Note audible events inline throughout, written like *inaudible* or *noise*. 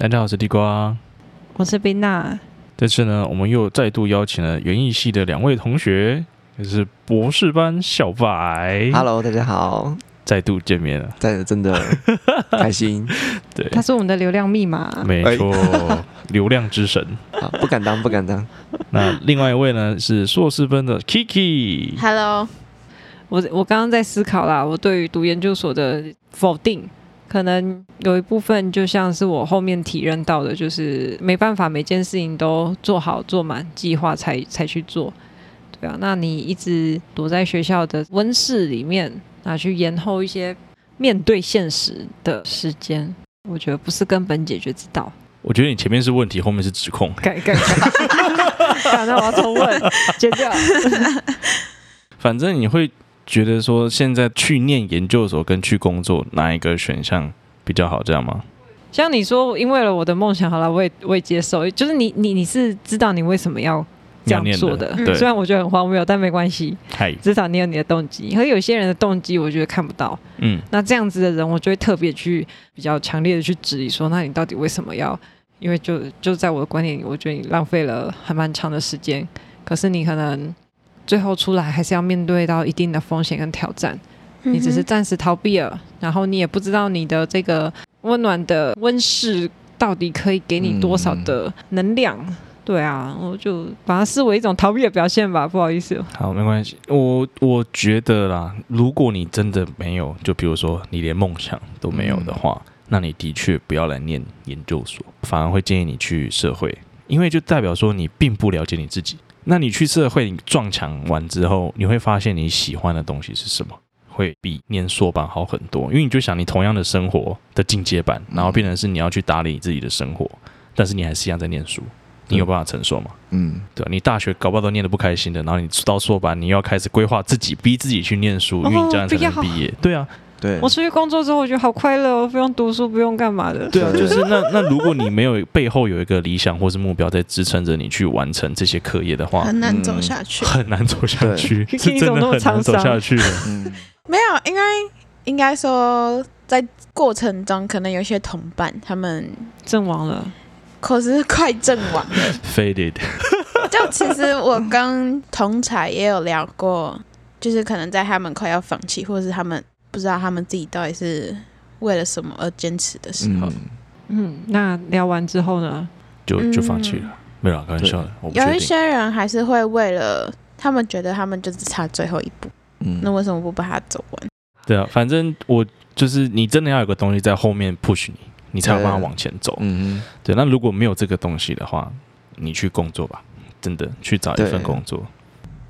大家好，我是地瓜，我是冰娜。這次呢，我們又再度邀請了園藝系的兩位同學，也是博士班小白。Hello，大家好，再度見面了，真的真的開心。 *laughs* 對，他是我們的流量密碼，沒錯，欸、流量之神 *laughs* 不敢當，不敢當。那另外一位呢，是碩士班的 Kiki。Hello，我我剛剛在思考啦，我對於讀研究所的否定。可能有一部分就像是我後面體認到的，就是沒辦法每件事情都做好做滿，計劃才才去做，對啊，那你一直躲在學校的溫室裡面，啊，去延後一些面對現實的時間，我覺得不是根本解決之道。我覺得你前面是問題，後面是指控。改改，改，改， *laughs* *laughs* 改，那我要重問，接 *laughs* 着剪掉 *laughs* 反正你會。覺得說現在去念研究所跟去工作哪一個選項比較好，這樣嗎？像你說，因為了我的夢想，好了，我也我也接受。就是你你你是知道你為什麼要這樣做的，的雖然我覺得很荒謬，但沒關係。至少你有你的動機。可是有些人的動機，我覺得看不到。嗯，那這樣子的人，我就會特別去比較強烈的去質疑說那你到底為什麼要？因為就就在我的觀點裡，我覺得你浪費了還蠻長的時間，可是你可能。最後出來還是要面對到一定的風險跟挑戰，嗯、你只是暫時逃避了，然後你也不知道你的這個溫暖的溫室到底可以給你多少的能量、嗯，對啊，我就把它視為一種逃避的表現吧，不好意思。好，沒關係，我我覺得啦，如果你真的沒有，就比如說你連夢想都沒有的話，嗯、那你的確不要來念研究所，反而會建議你去社會，因為就代表說你並不了解你自己。那你去社會你撞牆完之後，你會發現你喜歡的東西是什麼？會比念碩班好很多，因為你就想你同樣的生活的進階版、嗯，然後變成是你要去打理你自己的生活，但是你還是一樣在念書，你有辦法承受嗎？嗯，對啊。你大學搞不好都念得不開心的，然後你到碩班，你又要開始規劃自己，逼自己去念書，哦、因為你這樣才能畢業。哦、對啊。對，我出去工作之後，我覺得好快樂哦，不用讀書，不用幹嘛的。對啊， *laughs* 就是那那如果你沒有背後有一個理想或是目標在支撐着你去完成這些課業的話，很難走下去，嗯、很難走下去，是真的很難走下去， *laughs* 走下去、 *laughs* 嗯、沒有，應該應該說在過程中，可能有些同伴他們陣亡了，可是快陣亡 *laughs* ，faded 了。就其實我跟同儕也有聊過，就是可能在他們快要放棄，或是他們。不知道他們自己到底是為了什麼而堅持的時候嗯嗯，嗯，那聊完之後呢，就就放棄了，嗯、沒有開玩笑的。有一些人還是會為了他們覺得他們就只差最後一步，嗯，那為什麼不把它走完？對啊，反正我就是你真的要有個東西在後面 push 你，你才有辦法往前走。嗯哼，對。那如果沒有這個東西的話，你去工作吧，真的去找一份工作。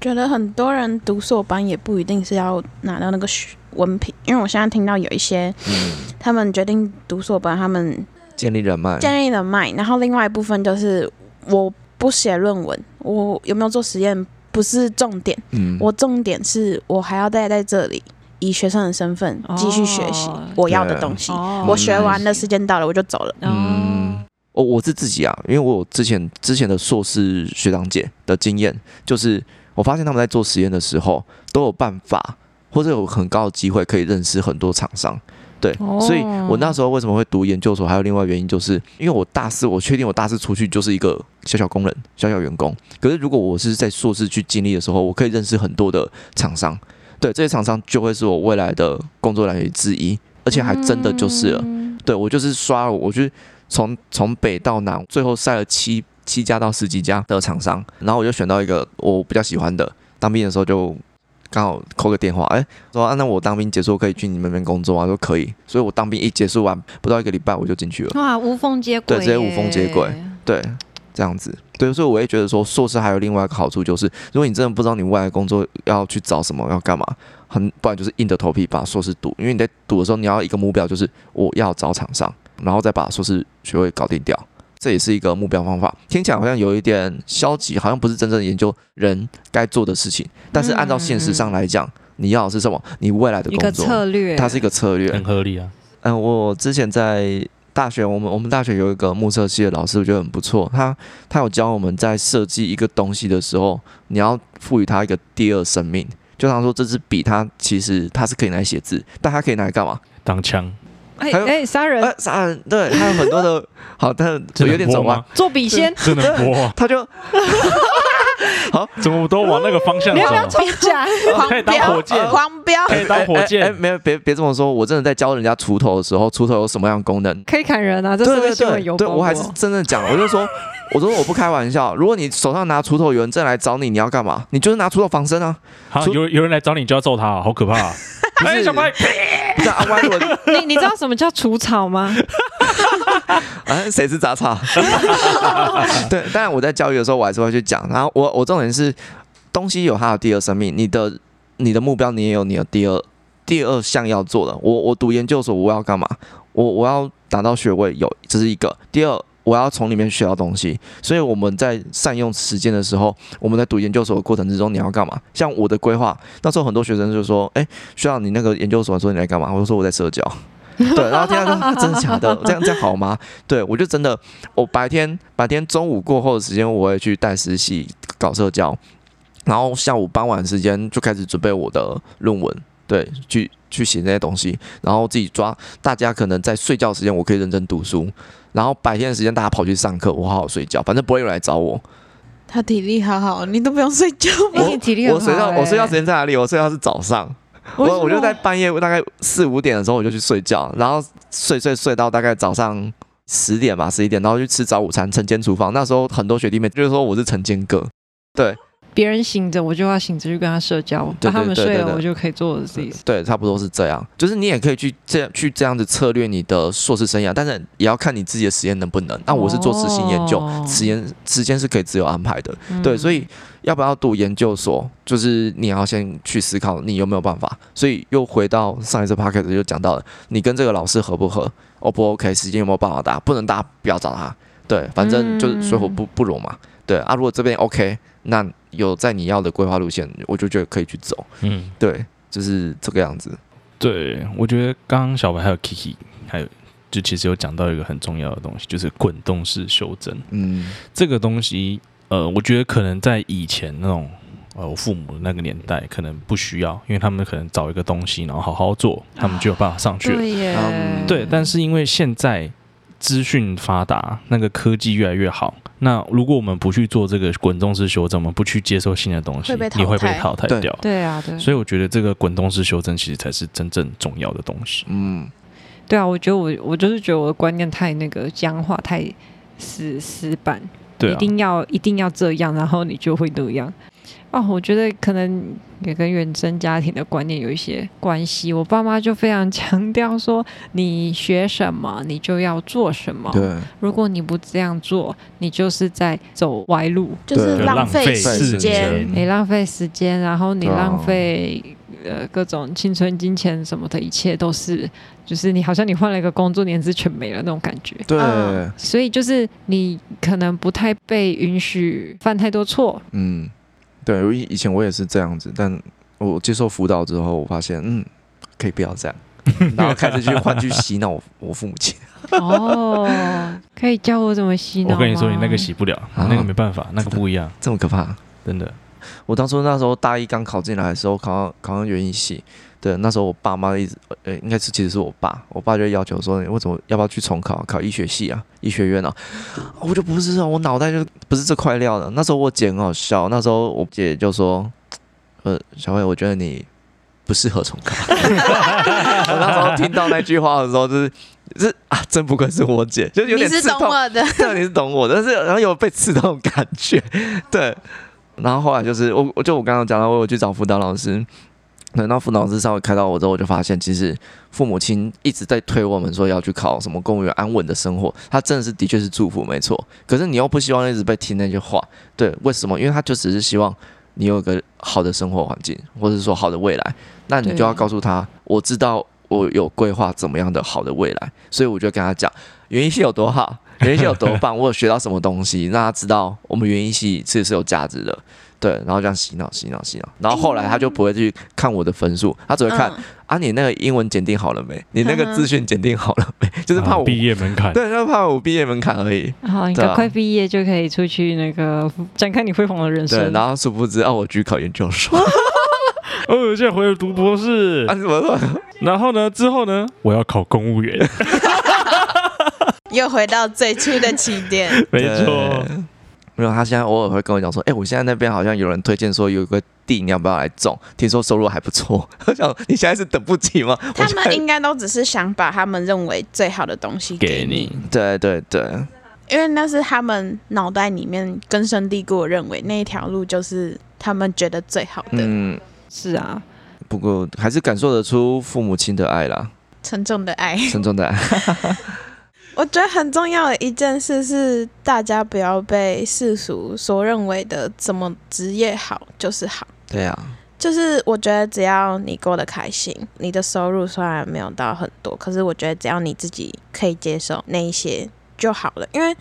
覺得很多人讀碩班也不一定是要拿到那個學。文憑，因為我現在聽到有一些，嗯、他們決定讀碩班，他們建立人脈，建立人脈。然後另外一部分就是，我不寫論文，我有沒有做實驗不是重點，嗯，我重點是我還要待在這裡，以學生的身份繼續學習我要的東西。哦、我學完的、嗯、時間到了，我就走了。嗯，我、嗯哦、我是自己啊，因為我有之前之前的碩士學長姐的經驗，就是我發現他們在做實驗的時候都有辦法或者有很高的機會可以認識很多廠商，對，所以我那時候為什麼會讀研究所，還有另外原因，就是因為我大四，我確定我大四出去就是一個小小工人，小小員工。可是如果我是在碩士去經歷的時候，我可以認識很多的廠商，對，這些廠商就會是我未來的工作來源之一，而且還真的就是了。對，我就是刷，我就是從從北到南，最後曬了七七家到十幾家的廠商，然後我就選到一個我比較喜歡的。當兵的時候就。剛好扣個電話，哎、欸，說啊，那我當兵結束可以去你們那邊工作啊？說可以，所以我當兵一結束完，不到一個禮拜我就進去了。哇，無縫接軌，對，直接無縫接軌、欸，對，這樣子，對，所以我也覺得說，碩士還有另外一個好處就是，如果你真的不知道你未來工作要去找什麼，要幹嘛，很，不然就是硬着頭皮把碩士讀，因為你在讀的時候你要一個目標，就是我要找廠商，然後再把碩士學位搞定掉。這也是一個目標方法，聽起來好像有一點消極，好像不是真正研究人該做的事情。但是按照現實上來講，嗯，你要的是什麼，你未來的工作策略，它是一個策略，很合理啊。嗯，我之前在大學，我們我們大學有一個目測系的老師，我覺得很不錯。他他有教我們在設計一個東西的時候，你要賦予它一個第二生命。就像說這支筆，它其實它是可以來寫字，但它可以拿來幹嘛？當槍。哎，哎、欸，殺、欸、人！殺、欸、人，對他有很多的 *laughs* 好，他，我有點走啊，做筆仙，真的、啊，他就。 *laughs* *laughs* 好，怎麼都往那個方向你要，不要亂講、啊，可以當火箭，狂、啊、飆，可以當火箭。哎、欸欸欸，沒有，別別這麼說，我真的在教人家鋤頭的時候，鋤頭有什麼樣的功能？可以砍人啊！這是個新聞對，我還是真的講，我就說，我說我不開玩笑。如果你手上拿鋤頭，有人正來找你，你要幹嘛？你就是拿鋤頭防身啊！好，有有人來找你，就要揍他，啊，好可怕、啊！不是，歪 *laughs* 、欸、 *laughs* 你你知道什麼叫除草嗎？ *laughs* 啊，誰是雜草？ *laughs* 對，當然我在教育的時候，我還是會去講。然後我我重點是，東西有它的第二生命。你的你的目標，你也有你的第二第二項要做的。我我讀研究所我我，我要幹嘛？我我要達到學位，有，這是一個。第二，我要從裡面學到東西。所以我們在善用時間的時候，我們在讀研究所的過程之中，你要幹嘛？像我的規劃，那時候很多學生就說：“欸，需要你那個研究所說你來幹嘛？”我就說：“我在社交。” *laughs* 對，然後天天、啊、說、啊、真的假的，這樣這樣好嗎？對，我就真的，我白天白天中午過後的時間，我會去帶實習搞社交，然後下午傍晚的時間就開始準備我的論文，對，去去寫那些東西，然後自己抓大家可能在睡覺時間，我可以認真讀書，然後白天的時間大家跑去上課，我好好睡覺，反正不會有人來找我。他體力好好，你都不用睡覺，你體力好。我睡覺，我睡覺時間在哪裡？我睡覺是早上。我我就在半夜大概四五點的時候，我就去睡覺，然後睡睡睡到大概早上十點吧、十一點，然後去吃早午餐、晨間廚房。那時候很多學弟妹就是說我是晨間哥，對。別人醒着，我就要醒着去跟他社交，嗯啊、他們睡了，我就可以做事情。對，差不多是這樣。就是你也可以去這樣去這樣子策略你的碩士生涯，但是也要看你自己的時間能不能、哦。那我是做執行研究，時間時間是可以自由安排的、嗯。對，所以要不要讀研究所，就是你要先去思考你有沒有辦法。所以又回到上一次 podcast 就講到了，你跟這個老師合不合？o、oh, 不，OK，時間有沒有辦法搭？不能搭，不要找他。對，反正就是水火不、嗯、不容嘛。對啊，如果這邊 OK。那有在你要的規劃路線，我就覺得可以去走。嗯，對，就是這個樣子。對，我覺得剛剛小白還有 Kiki，還有就其實有講到一個很重要的東西，就是滾動式修正。嗯，這個東西，呃，我覺得可能在以前那種呃，我父母那個年代，可能不需要，因為他們可能找一個東西，然後好好做，他們就有辦法上去了。啊對，um, 對，但是因為現在。資訊發達，那個科技，越來越好。那如果我們不去做這個滾動式修正，我們不去接受新的東西，你會、會被淘汰掉。對啊，對。所以我覺得這個滾動式修正其實才是真正重要的東西。嗯，對啊，我覺得我我就是覺得我的觀念太那個僵化，太死死板，對啊，一定要一定要這樣，然後你就會那樣。哦，我覺得可能也跟原生家庭的觀念有一些關係。我爸媽就非常強調說，你學什麼，你就要做什麼。對，如果你不這樣做，你就是在走歪路，就是浪費時間，浪費時間你浪費時間，然後你浪費、哦、呃各種青春、金錢什麼的一切，都是就是你好像你換了一個工作，年資全沒了那種感覺。對，所以就是你可能不太被允許犯太多錯。嗯。對，以前我也是這樣子，但我接受輔導之後，我發現，嗯，可以不要這樣，然後開始去換去洗腦我，我父母親。哦，可以教我怎麼洗腦？我跟你說，你那個洗不了，那個沒辦法，啊、那個不一樣，這，這麼可怕，真的。我當初那時候大一剛考進來的時候，考上考上園藝系。對，那時候我爸媽一直，呃、欸，應該是其實是我爸，我爸就要求說，你為什麼要不要去重考，考醫學系啊，醫學院啊？哦、我就不是啊，我腦袋就不是這塊料的。那時候我姐很好笑，那時候我姐就說，呃，小白，我覺得你不適合重考。 *laughs* 我那時候聽到那句話的時候、就是，就是，啊，真不愧是我姐，就有點刺痛，懂我的，對，你是懂我的，但是然後有被刺痛感覺，對。然後後來就是我，我就我剛剛講到我去找輔導老師。等到副老師稍微開導我之後，我就發現，其實父母親一直在推我們說要去考什麼公務員，安穩的生活，他真的是的確是祝福，沒錯。可是你又不希望一直被聽那句話，對？為什麼？因為他就只是希望你有一個好的生活環境，或者說好的未來。那你就要告訴他，我知道我有規劃怎麼樣的好的未來。所以我就跟他講，園藝系有多好，園藝系有多棒，我有學到什麼東西，讓他知道我們園藝系其實是有價值的。對，然後這樣洗腦、洗腦、洗腦，然後後來他就不會去看我的分數，哎、他，就分數他只會看、嗯、啊，你那個英文檢定好了沒？你那個資訊檢定好了沒？就是怕我、啊、畢業門檻，對，就怕我畢業門檻而已。好、啊，啊、你快畢業就可以出去那個展開你輝煌的人生。對，然後殊不知啊，我去考研究所， *laughs* *laughs* 哦，現在回來讀博士 *laughs* 啊？什麼？ *laughs* 然後呢？之後呢？我要考公務員， *laughs* 又回到最初的起點。 *laughs* 沒錯。沒有，他現在偶爾會跟我講說：“哎，我現在那邊好像有人推薦說有一個地，你要不要來種？聽說收入還不錯。”我想說，你現在是等不及嗎？他們應該都只是想把他們認為最好的東西給你。給你，對對對，因為那是他們腦袋裡面根深蒂固認為那一條路就是他們覺得最好的。嗯，是啊，不過還是感受得出父母親的愛啦，沉重的愛，沉重的愛。 *laughs* 我覺得很重要的一件事是，大家不要被世俗所認為的怎麼職業好就是好。對啊，就是我覺得只要你過得開心，你的收入雖然沒有到很多，可是我覺得只要你自己可以接受那一些就好了。因為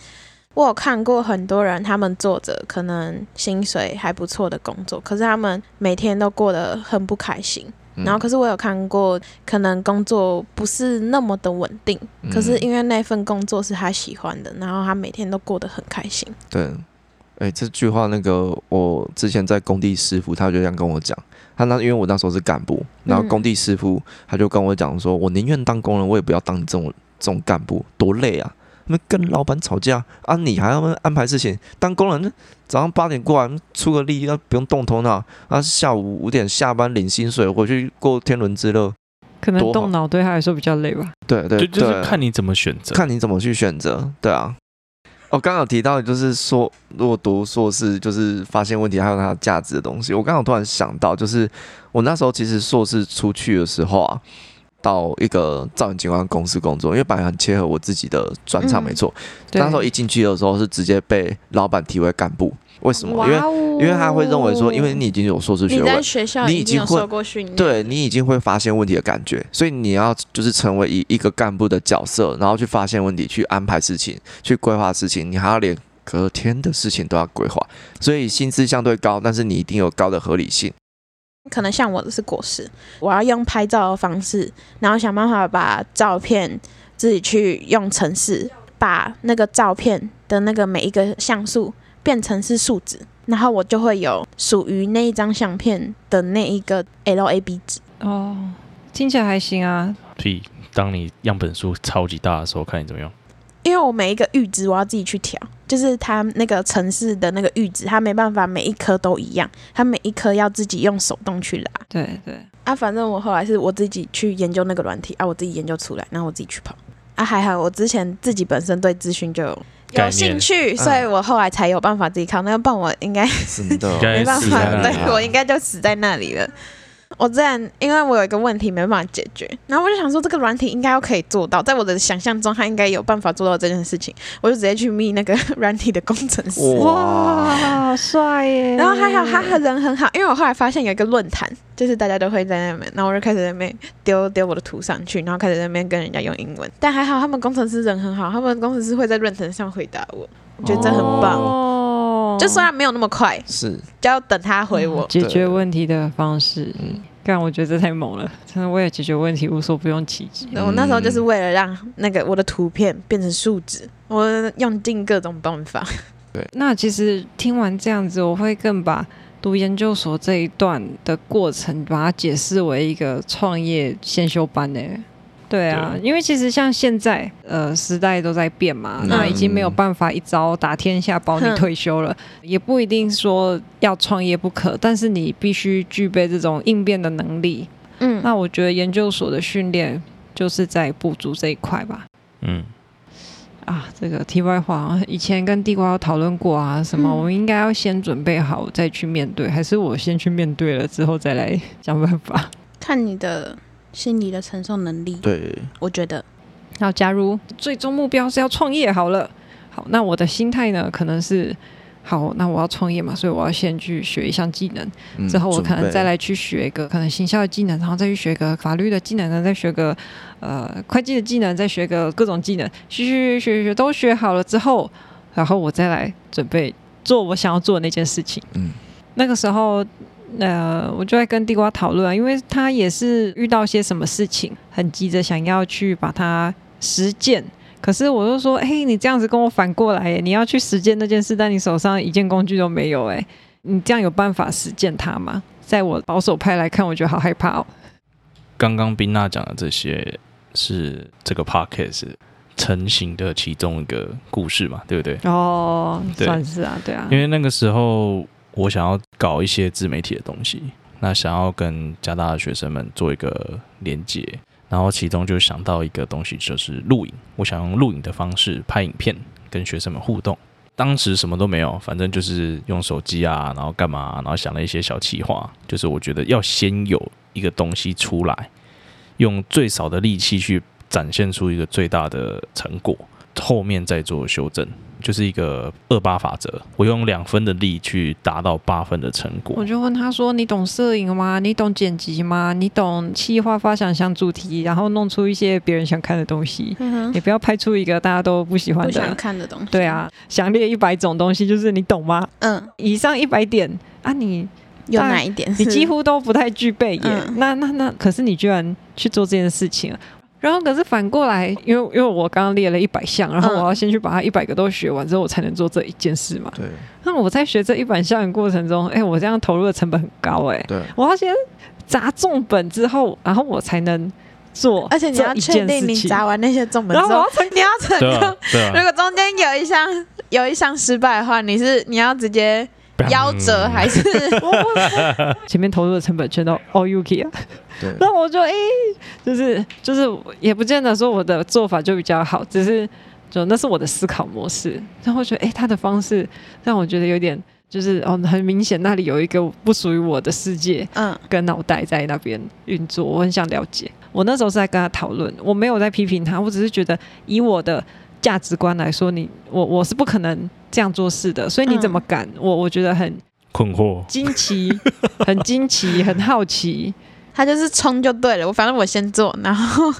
我有看過很多人，他們做着可能薪水還不錯的工作，可是他們每天都過得很不開心。然後、嗯，可是我有看過，可能工作不是那麼的穩定、嗯。可是因為那份工作是他喜歡的，然後他每天都過得很開心。對，哎、欸，這句話那個我之前在工地師傅他就這樣跟我講，他那因為我那時候是幹部，然後工地師傅他就跟我講說，嗯、我寧願當工人，我也不要當這種這種幹部，多累啊。跟老闆吵架啊，你還要安排事情當工人，早上八點過完，出個力，要不用動頭腦啊，下午五點下班領薪水回去過天倫之樂，可能動腦對他來說比較累吧？對對，對，對，對，就就是看你怎麼選擇，看你怎麼去選擇，對啊。我剛剛有提到，就是說如果讀碩士，就是發現問題還有它的價值的東西。我剛剛突然想到，就是我那時候其實碩士出去的時候啊。到一個造型景觀公司工作，因為本來很切合我自己的專長沒，沒、嗯、錯。那時候一進去的時候是直接被老闆提為幹部，為什麼？哦、因為因為他會認為說，因為你已經有碩士學位，你已經會對你已經會發現問題的感覺，所以你要就是成為一一個幹部的角色，然後去發現問題，去安排事情，去規劃事情，你還要連隔天的事情都要規劃。所以薪資相對高，但是你一定有高的合理性。可能像我的是果實，我要用拍照的方式，然後想辦法把照片自己去用程式，把那個照片的那個每一個像素變成是數值，然後我就會有屬於那一張相片的那一個 LAB 值。哦，聽起來還行啊。所以當你樣本數超級大的時候，看你怎麼樣。因為我每一個閾值我要自己去調，就是它那個城市的那個閾值，它沒辦法每一顆都一樣，它每一顆要自己用手動去拉。對對。啊，反正我後來是我自己去研究那個軟體，啊，我自己研究出來，然後我自己去跑。啊，還好我之前自己本身對資訊就有興趣、嗯，所以我後來才有辦法自己看，那不然我應該沒辦法，對，我應該就死在那裡了。我之前，因為我有一個問題沒辦法解決，然後我就想說這個軟體應該要可以做到，在我的想象中，它應該有辦法做到這件事情，我就直接去密那個軟體的工程師。哇，好帥耶！然後還好他他人很好，因為我後來發現有一個論壇，就是大家都會在那邊，然後我就開始在那邊丟丟我的圖上去，然後開始在那邊跟人家用英文。但還好他們工程師人很好，他們工程師會在論壇上回答我，我覺得這很棒。哦就算他沒有那麼快，是就要等他回我，嗯、解決問題的方式。嗯，但我覺得這太猛了。但是為了解決問題無所不用其極，嗯。我那時候就是為了讓那個我的圖片變成數字，我用盡各種辦法。對，那其實聽完這樣子，我會更把讀研究所這一段的過程，把它解釋為一個創業先修班的。對啊對，因為其實像現在，呃，時代都在變嘛，那，那已經沒有辦法一招打天下保你退休了，也不一定說要創業不可，但是你必須具備這種應變的能力。嗯，那我覺得研究所的訓練就是在補足這一塊吧。嗯，啊，這個題外話，以前跟地瓜討論過啊，什麼我們應該要先準備好再去面對、嗯，還是我先去面對了之後再來想辦法？看你的。心理的承受能力，對，我覺得。那假如最終目標是要創業，好了，好，那我的心態呢？可能是，好，那我要創業嘛，所以我要先去學一項技能，嗯、之後我可能再來去學一個可能行銷的技能，然後再去學個法律的技能，然後再學個呃會計的技能，再學個各種技能，學學學學學，都學好了之後，然後我再來準備做我想要做的那件事情。嗯，那個時候。呃，我就在跟地瓜討論，因為他也是遇到些什麼事情，很急着想要去把它實踐。可是我就說，哎，你這樣子跟我反過來耶，你要去實踐那件事，但你手上一件工具都沒有，哎，你這樣有辦法實踐它嗎？在我保守派來看，我覺得好害怕哦。剛剛冰娜講的這些，是這個 podcast 成型的其中一個故事嘛，對不對？哦，算是啊，對啊。因為那個時候。我想要搞一些自媒體的東西，那想要跟加大的學生們做一個連接，然後其中就想到一個東西，就是錄影。我想用錄影的方式拍影片，跟學生們互動。當時什麼都沒有，反正就是用手機啊，然後幹嘛，然後想了一些小企劃，就是我覺得要先有一個東西出來，用最少的力氣去展現出一個最大的成果。後面再做修正，就是一個二八法則。我用兩分的力去達到八分的成果。我就問他說：“你懂攝影嗎？你懂剪輯嗎？你懂企劃、發想、想主題，然後弄出一些別人想看的東西、嗯。也不要拍出一個大家都不喜歡的、不想看的東西。對啊，詳列一百種東西，就是你懂嗎？嗯，以上一百點啊你，你有哪一點？你幾乎都不太具備耶。嗯、那那那，可是你居然去做這件事情、啊。然後，可是反過來，因為因為我剛剛列了一百項，然後我要先去把它一百個都學完之後、嗯，我才能做這一件事嘛。對。那我在學這一百項的過程中，哎，我這樣投入的成本很高、欸，哎。對。我要先砸重本之後，然後我才能做。而且你要確定你砸完那些重本之後，後要你要成功。對。如果中間有一項有一項失敗的話，你是你要直接。夭折還是 *laughs* 前面投入的成本全都 all UK 啊。那我就哎、欸，就是就是，也不見得說我的做法就比較好，只是就那是我的思考模式。然後覺得哎、欸，他的方式讓我覺得有點就是哦，很明顯那裡有一個不屬於我的世界，嗯，跟腦袋在那邊運作。我很想了解。我那時候是在跟他討論，我沒有在批評他，我只是覺得以我的。價值觀來說，你我我是不可能這樣做事的，所以你怎麼敢？嗯、我我覺得很困惑、驚奇、很驚奇、 *laughs* 很好奇，他就是衝就對了。我反正我先做，然後。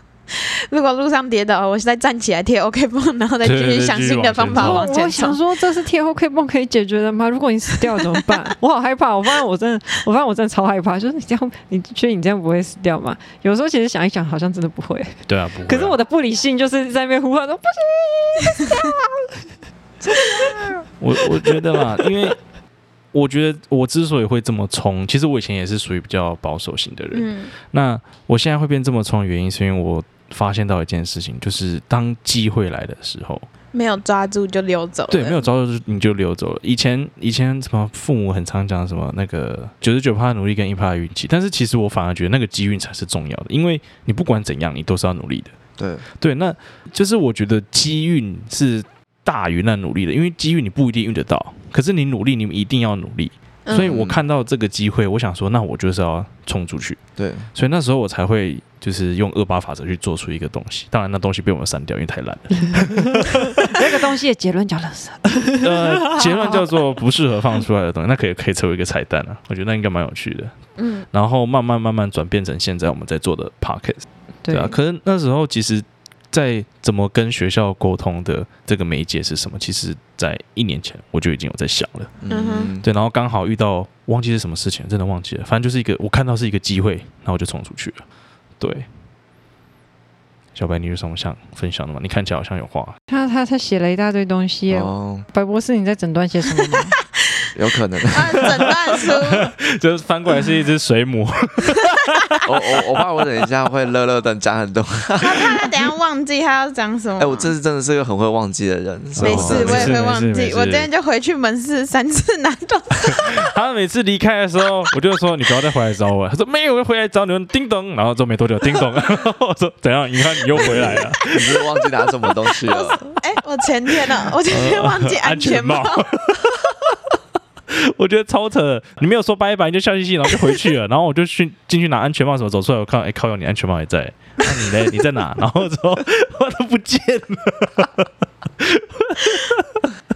如果路上跌倒，我再站起來貼 OK 繃，然後再繼續想新的方法。對對對、繼續往前衝、哦、我想說，這是貼 OK 繃可以解決的嗎？如果你死掉怎麼辦？ *laughs* 我好害怕！我發現我真的，我發現我真的超害怕。就是你這樣，你覺得你這樣不會死掉嗎？有時候其實想一想，好像真的不會。對啊，不會、啊。可是我的不理性就是在那邊呼喊說不行，這樣， *laughs* 我我覺得嘛，因為我覺得我之所以會這麼衝，其實我以前也是屬於比較保守型的人、嗯。那我現在會變這麼衝的原因，是因為我。發現到一件事情，就是當機會來的時候，沒有抓住就溜走了。對，沒有抓住就你就溜走了。以前以前什麼父母很常講什麼那個九十九趴的努力跟一趴的運氣，但是其實我反而覺得那個機運才是重要的，因為你不管怎樣，你都是要努力的。對對，那就是我覺得機運是大於那努力的，因為機運你不一定遇得到，可是你努力，你們一定要努力。所以我看到這個機會、嗯，我想說，那我就是要衝出去。對，所以那時候我才會就是用二八法則去做出一個東西。當然，那東西被我們刪掉，因為太爛了。那個東西的結論叫了色。呃，結論叫做不適合放出來的東西， *laughs* 那可以可以成為一個彩蛋了、啊。我覺得那應該蠻有趣的、嗯。然後慢慢慢慢轉變成現在我們在做的 Pocket、啊。對啊，可是那時候其實。在怎麼跟學校溝通的這個媒介是什麼？其實，在一年前我就已經有在想了。嗯哼，對，然後剛好遇到忘記是什麼事情，真的忘記了。反正就是一個，我看到是一個機會，然後我就衝出去了。對，小白，你有什麼想分享的嗎？你看起來好像有話。他他他寫了一大堆東西哦。白博士，你在診斷寫什麼嗎？ *laughs* 有可能啊，診斷說就是翻過來是一只水母。 *laughs* *laughs* *laughs* 我我我怕，我等一下會樂樂的講很多。他怕他等一下忘記他要講什麼。 *laughs* 哎、欸，我這次真的是一個很會忘記的人。沒事，我也會忘記。沒事沒事，我今天就回去門市三次拿東西。 *laughs* 他每次離開的時候，我就說，你不要再回來找我。他說沒有，我回來找你們。叮咚，然後就沒多久，叮咚。我說等下，你看你又回來了， *laughs* 你又忘記拿什麼東西了？哎、 *laughs* 欸，我前天呢，我前天忘記安全帽、呃。 *laughs* 我覺得超扯，你沒有說拜拜，你就笑嘻嘻，然後就回去了，然後我就去進去拿安全帽什麼，走出來，我看，哎、欸，靠用，有你安全帽還在，那、啊、你呢？你在哪？然後說，我都不見了。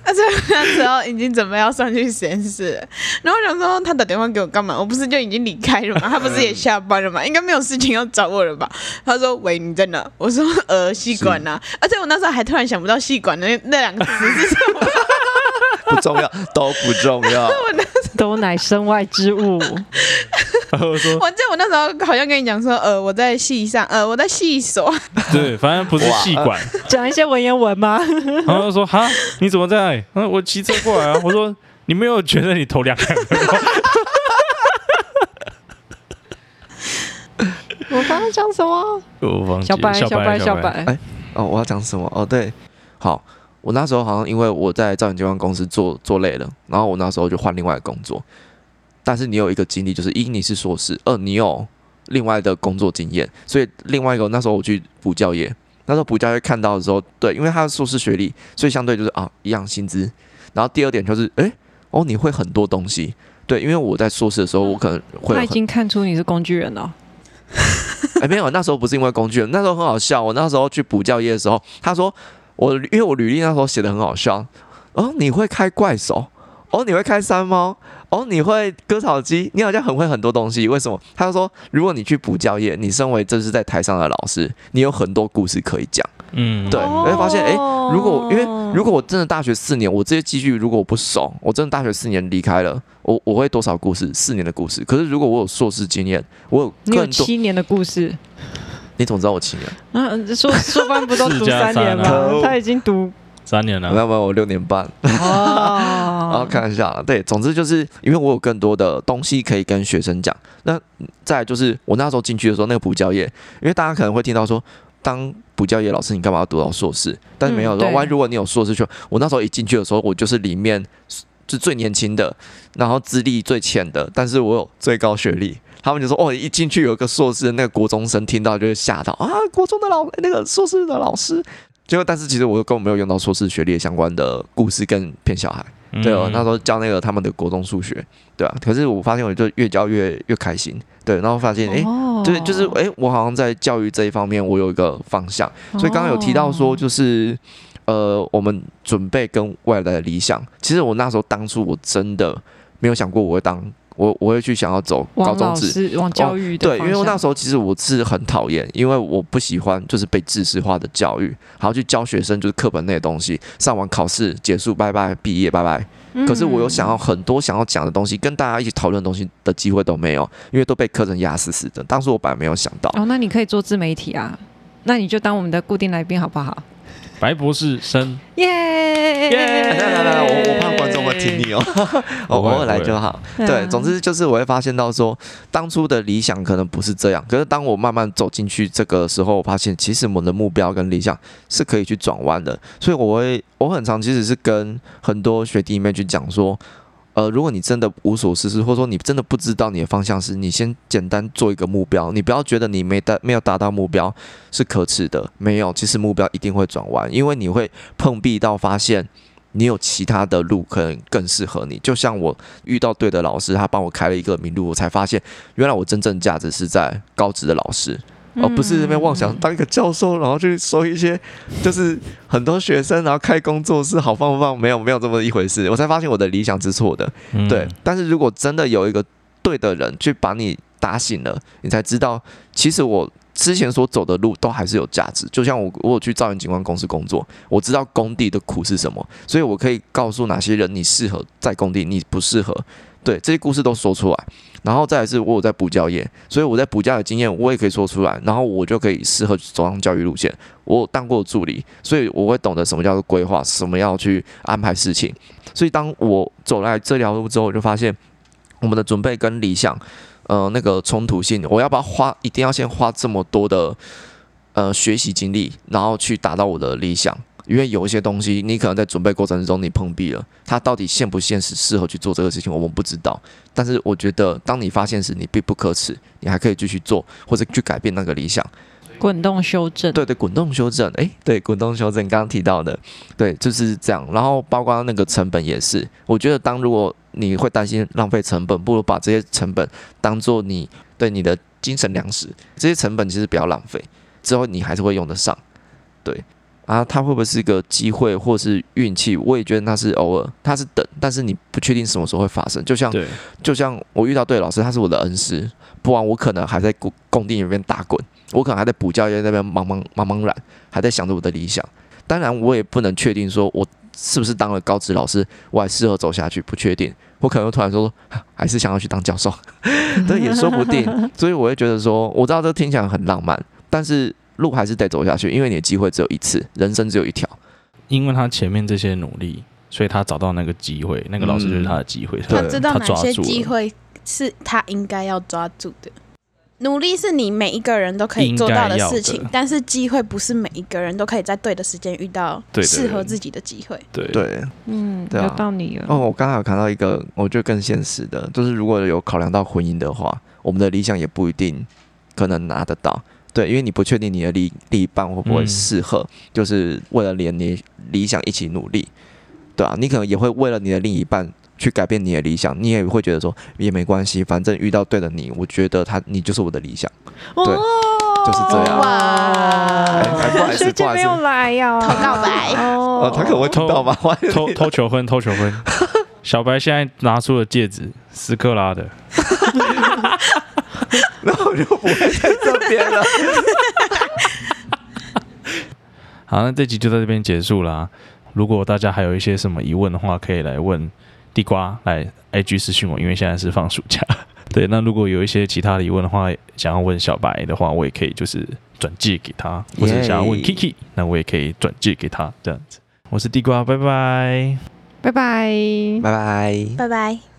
而 *laughs* 且、啊、那時候已經準備要上去實驗室，然後我想說他打電話給我幹嘛？我不是就已經離開了嗎？他不是也下班了嗎？應該沒有事情要找我了吧？他說，喂，你在哪？我說，呃，吸管啊。而且、啊、我那時候還突然想不到吸管那那兩個詞是什麼。 *laughs* 不重要，都不重要，我那都乃身外之物。然 *laughs* 後說，反正我那時候好像跟你講說，呃，我在系上，呃，我在系所，對，反正不是系館，講、呃、一些文言文嗎？然後說，哈，你怎麼在？嗯，我騎車過來啊。我說，你沒有覺得你頭涼 *laughs* *laughs* 我剛剛講什麼？小白，小白，小白，欸、哦，我要講什麼？哦，對，好。我那時候好像因為我在造影激光公司做做累了，然後我那時候就換另外工作。但是你有一個經歷，就是一你是碩士，二你有另外的工作經驗，所以另外一個那時候我去補教業，那時候補教業看到的時候，對，因為他碩士學歷，所以相對就是啊一樣薪資。然後第二點就是，誒、欸、哦，你會很多東西。對，因為我在碩士的時候，我可能會他已經看出你是工具人了。哎，沒有，那時候不是因為工具人，那時候很好笑。我那時候去補教業的時候，他說，我因為我履歷那時候寫的很好笑，哦，你會開怪手，哦，你會開山貓，哦，你會割草機，你好像很會很多東西。為什麼？他就說，如果你去補教業，你身為這是在台上的老師，你有很多故事可以講。嗯，對，我會發現，哎、哦欸，如果因為如果我真的大學四年，我這些積蓄如果我不爽，我真的大學四年離開了，我我會多少故事，四年的故事。可是如果我有碩士經驗，我有更多你有七年的故事。你怎麼知道我七年？啊，碩碩班不都讀三年嗎？啊？他已經讀三年了。啊。那不我六年半啊，哦，然後看一下了。對，總之就是因為我有更多的東西可以跟學生講。那再來就是我那時候進去的時候，那個補教業，因為大家可能會聽到說，當補教業老師，你幹嘛要讀到碩士？但是沒有，說萬一如果你有碩士證，嗯，我那時候一進去的時候，我就是裡面。是最年輕的，然後資歷最淺的，但是我有最高學歷，他們就說哦，一進去有一個碩士，那個國中生聽到就會嚇到啊，國中的老那個碩士的老師，結果但是其實我又根本沒有用到碩士學歷相關的故事跟騙小孩，對哦、啊，那時候教那個他們的國中數學，對啊。可是我發現我就越教越越開心，對，然後發現哎，欸 oh. 對，就是哎、欸，我好像在教育這一方面我有一個方向，所以剛剛有提到說就是。Oh. 呃，我們準備跟未來的理想。其實我那時候當初我真的沒有想過我會當我我會去想要走高中職，是往教育，哦、對，因為我那時候其實我是很討厭，因為我不喜歡就是被制式化的教育，還要去教學生就是課本內的東西，上完考試結束，拜拜，畢業拜拜、嗯。可是我有想要很多想要講的東西，跟大家一起討論東西的機會都沒有，因為都被課程壓死死的。當時我本來沒有想到。哦，那你可以做自媒體啊，那你就當我們的固定來賓好不好？白博士生，耶、yeah！來來來，我我怕觀眾會聽膩哦、喔， *laughs* 我後來就好。對、啊，總之就是我會發現到說，當初的理想可能不是這樣，可是當我慢慢走進去這個時候，我發現其實我們的目標跟理想是可以去轉彎的。所以我會，我很常其實是跟很多學弟妹去講說。呃，如果你真的無所事事，或者說你真的不知道你的方向是，你先簡單做一個目標。你不要覺得你沒達沒有達到目標是可恥的，沒有，其實目標一定會轉彎，因為你會碰壁到，發現你有其他的路可能更適合你。就像我遇到對的老師，他幫我開了一個明路，我才發現原來我真正價值是在高職的老師。哦，不是那邊妄想當一個教授，然後去收一些，就是很多學生，然後開工作室，好棒不棒？沒有，沒有這麼一回事。我才發現我的理想是錯的，嗯、對。但是，如果真的有一個對的人去把你打醒了，你才知道，其實我。之前所走的路都還是有價值，就像我，我有去造園景觀公司工作，我知道工地的苦是什麼，所以我可以告訴哪些人你適合在工地，你不適合，對這些故事都說出來。然後再來是我有在補教業，所以我在補教的經驗我也可以說出來，然後我就可以適合走上教育路線。我當過助理，所以我會懂得什麼叫做規劃，什麼要去安排事情。所以當我走來這條路之後，我就發現我們的準備跟理想。呃，那個衝突性，我要不要花？一定要先花這麼多的呃學習精力，然後去達到我的理想？因為有一些東西，你可能在準備過程之中你碰壁了，它到底現不現實，適合去做這個事情，我們不知道。但是我覺得，當你發現時，你並不可恥，你還可以繼續做，或者去改變那個理想。滾動修正。對對，滾動修正。誒，對，滾動修正，剛剛提到的，對，就是這樣。然後包括那個成本也是，我覺得當如果。你會擔心浪費成本，不如把這些成本當做你對你的精神糧食。這些成本其實不要浪費，之後你還是會用得上。對啊，它會不會是一個機會或是運氣？我也覺得那是偶爾，它是等，但是你不確定什麼時候會發生。就像就像我遇到對老師，他是我的恩師，不然我可能還在工工地裡面打滾，我可能還在補教，在那邊茫茫茫茫然，還在想着我的理想。當然，我也不能確定說，我是不是當了高職老師，我還適合走下去，不確定。我可能會突然說、啊，還是想要去當教授，這 *laughs* 也說不定。所以我會覺得說，我知道這個聽起來很浪漫，但是路還是得走下去，因為你的機會只有一次，人生只有一條。因為他前面這些努力，所以他找到那個機會，那個老師就是他的機會、嗯。他知道哪些機會是他應該要抓住的。努力是你每一個人都可以做到的事情，但是機會不是每一個人都可以在對的時間遇到適合自己的機會。對對，對，對，對，對，嗯，啊、要到你了哦。我剛好看到一個，我覺得更現實的，就是如果有考量到婚姻的話，我們的理想也不一定可能拿得到。對，因為你不確定你的另一半會不會適合，就是為了連你理想一起努力。對啊，你可能也會為了你的另一半。去改變你的理想，你也會覺得說也沒關係，反正遇到對的你，我覺得他，你就是我的理想，哦、對，就是這樣。最近又來呀、喔，偷告白、喔、哦，他可會偷到嗎？偷、哦、偷，偷求婚，偷求婚。 *laughs* 小白現在拿出了戒指，斯克拉的。 *laughs* *laughs* *laughs* 那我就不會在這邊了。 *laughs* *laughs* 好，那這集就到這邊結束啦。如果大家還有一些什麼疑問的話，可以來問。地瓜來，IG 私訊我，因為現在是放暑假。對，那如果有一些其他疑問的話，想要問小白的話，我也可以就是轉寄給他，或者想要問 Kiki，yeah. 那我也可以轉寄給他，這樣子。我是地瓜，拜拜，拜拜，拜拜，拜拜。